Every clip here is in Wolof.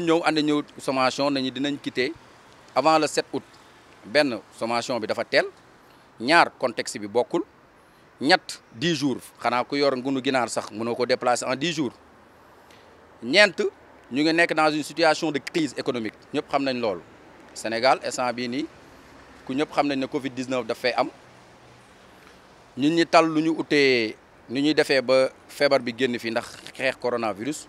nous avons une sommation avant le 7 août Une sommation bi dafa tel ñaar contexte bi contexte. Nous 10 jours xanaa nous yor déplacer en 10 jours Nous nous dans une situation de crise économique nous xam nañ le Sénégal et Sambini nous ku Covid 19 Nous fay Nous ñun tal nous ñu nous coronavirus.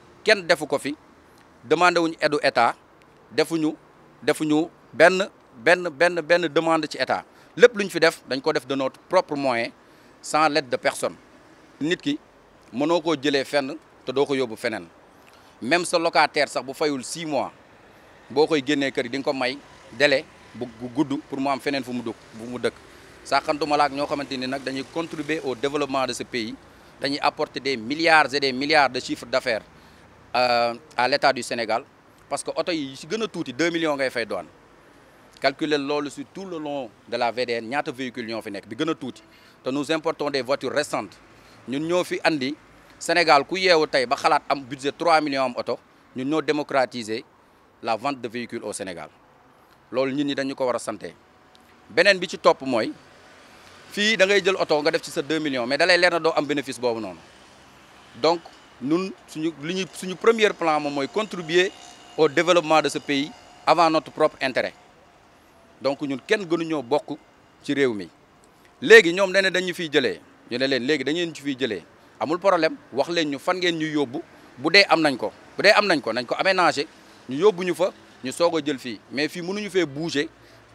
ken defu ko fi demandé wuñu aidu état defuñu defuñu benn ben ben ben demande ci état lepp luñ fi def dañ ko def de notre propre moyen sans l'aide de personne nit ki mëno ko jëlé fenn te doo ko yóbbu feneen même sa locataire sax bu fayul six mois bokoy koy kër yi di ko may délai bu gudd pour mo am fenen fu mu dugg bu mu dëkk saxantuma laak ñoo xamante ni dañuy contribuer au développement de ce pays dañuy apporter des milliards et des milliards de chiffres d'affaires euh, à l'état du Sénégal parce que l'auto, yi si a 2 millions de fay douane calculer loolu sur tout le long de la VDN il y a des véhicules qui sont a nous importons des voitures récentes nous ñoo fi andi Sénégal ku un budget ba budget 3 millions am nous avons démocratisé démocratiser la vente de véhicules au Sénégal C'est ce que nous avons fait. a santé beneen bi ci topp mooy vous da ngay jël 2 millions mais vous les leer na bénéfice donc. Nous, notre premier plan, c'est contribuer au développement de ce pays avant notre propre intérêt. Donc, nous ne pouvons pas beaucoup ci réew mi. Léegi ñoom nee na dañu fiy jëlee ñu ne leen léegi dañu leen ci fiy jëlee amul problème wax leen ñu fan ngeen ñu yóbbu bu dee am nañ ko bu dee am nañ ko nañ ko aménager ñu yóbbu ñu fa ñu soog jël fii mais fii mënuñu fee bouger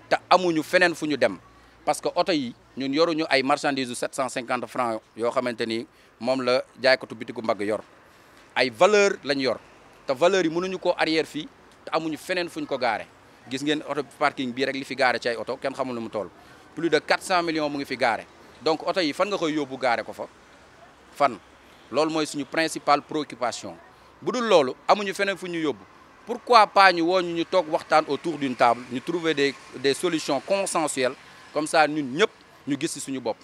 te amuñu feneen fu dem parce que oto yi ñun yoruñu ay marchandises 750 francs yoo xamante ni moom la jaaykatu bitigu mbagg yor ay valeur lañ yor te valeur yi mënuñu koo arrière fi, te amuñu fenen fuñ ko garé gis ngeen auto parking bi rek li fi garé ci ay auto kèn xamul lu mu toll plus de 400 millions mu ngi fi garé donc auto yi fan nga koy yobbu garé ko fa fan lool moy suñu principale préoccupation budul loolu amuñu fenen fuñu yobbu pourquoi pas ñu woñu ñu tok toog waxtaan autour d'une table ñu trouver des des solutions consensuelles comme ça ñun ñëpp ñu gis ci suñu bop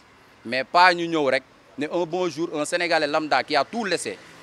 mais pas ñu ñëw rek né un bon jour un sénégalais lambda qui a tout laissé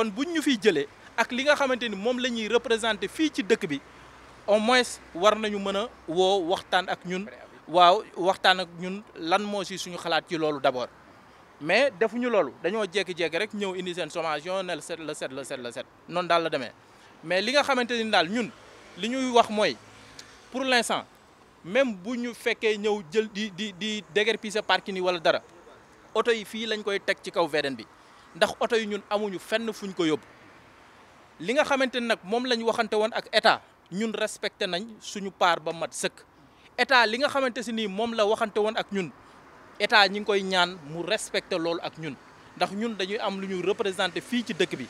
kon buñ ñu fiy jëlee ak li nga xamante ni moom la ñuy représenté fii ci dëkk bi au moins war nañu mën a woo waxtaan ak ñun waaw waxtaan ak ñun lan moo si suñu xalaat ci loolu d'abord mais defuñu loolu dañoo jékki-jékki rek ñëw indi seen sommation ne la set la set la set noon daal la demee mais li nga xamante ni daal ñun li ñuy wax mooy pour l'instant même bu ñu fekkee ñëw jël di di di déguerpisser parking yi wala dara oto yi fii lañ koy teg ci kaw VDN bi ndax oto yi ñun amuñu fenn fuñ ko yóbbu li nga xamante ni nag moom lañ waxante woon ak état ñun respecté nañ suñu part ba mat sëkk état li nga xamante si nii moom la waxante woon ak ñun état ñi ngi koy ñaan mu respecté loolu ak ñun ndax ñun dañuy am lu ñu représenté fii ci dëkk bi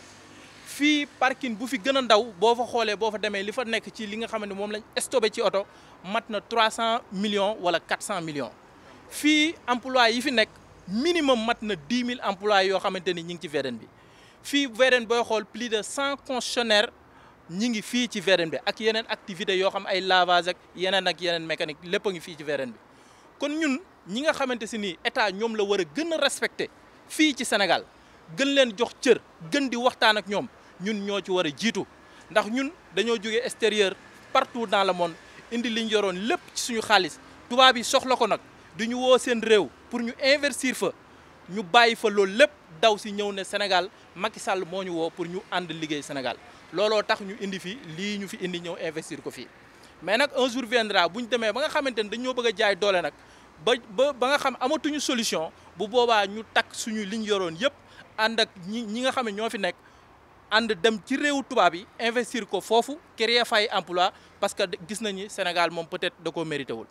fii parking bu fi gën a ndaw boo fa xoolee boo fa demee li fa nekk ci li nga xam ne moom lañ stocké ci oto mat na trois 300 millions wala 400 millions fii emploi yi fi nekk minimum mat na dix mille emplois yoo xamante ni ñi ngi ci VDN bi fii VDN booy xool plus de cent concessionnaires ñi ngi fii ci VDN bi ak yeneen activités yoo xam ay lavage ak yeneen ak yeneen mécanique lépp ngi fii ci VDN bi kon ñun ñi nga xamante si nii état ñoom la war a gën a respecté fii ci Sénégal gën leen jox cër gën di waxtaan ak ñoom ñun ñoo ci war a jiitu ndax ñun dañoo jóge extérieur partout dans le monde indi li ñu yoroon lépp suñu xaalis tubaab yi soxla ko nag di ñu woo seen pour ñu investir fa ñu bàyyi fa loolu lépp daw si ñëw Sénégal Macky Sall moo ñu woo pour ñu ànd liggéey Sénégal looloo tax ñu indi fi lii ñu fi indi ñëw investir ko fii mais nag un jour viendra bu ñu demee ba nga xamante ni dañoo bëgg a jaay doole nag ba ba ba nga xam amatuñu solution bu boobaa ñu takk suñu liñ yoroon yëpp ànd ak ñi nga xam ñoo fi nekk ànd dem ci réewu tubaab yi investir ko fofu créer fay emploi parce que gis nañu Sénégal moom peut-être da koo mérité wul.